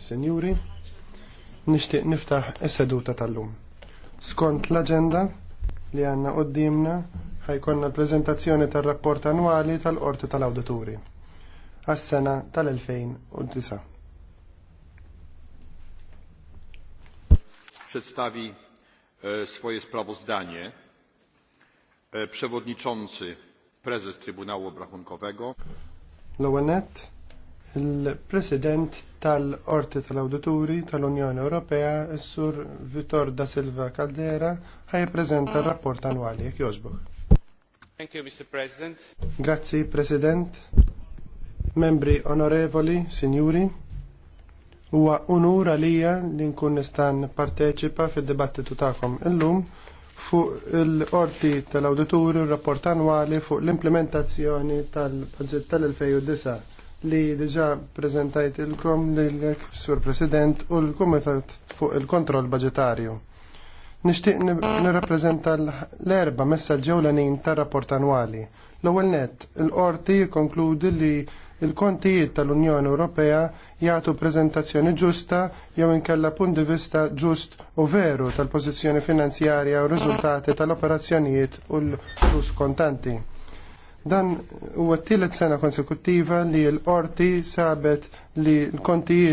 Senjuri, nishtiq niftaħ is-seduta tal-lum. Skont l-agenda li għanna qoddimna ħajkonna l-prezentazzjoni tal-rapport annwali tal-Qorti tal-Awdituri għas-sena tal-2009. Przedstawi e, swoje sprawozdanie e, przewodniczący prezes Trybunału Obrachunkowego. Lowenet il-President tal-Orti tal-Awdituri tal-Unjoni Ewropea, s-Sur Vitor da Silva Caldera, ħajprezenta r-rapport annwali. Jek joġbok. Thank you, Mr. President. Grazzi, President. Membri onorevoli, signori, huwa unur għalija li nkun nistan parteċipa fil-dibattitu tagħkom illum fuq il-qorti tal-awdituri u rapport annwali fuq l-implementazzjoni tal-budget tal-2009 li diġa prezentajt ilkom l-ek sur president u l-komitat fuq il-kontroll budgetarju. Nishtiq nirrapprezenta l-erba messaġġi ewlenin tar-rapport annwali. L-ewwel nett, il-qorti jikkonkludi li il-kontijiet tal-Unjoni Ewropea jagħtu preżentazzjoni ġusta jew inkella punt di vista ġust u veru tal-pożizzjoni finanzjarja u riżultati tal-operazzjonijiet u l-flus kontanti. Dan huwa t-tielet sena konsekuttiva li l-qorti sabet li l-kontijiet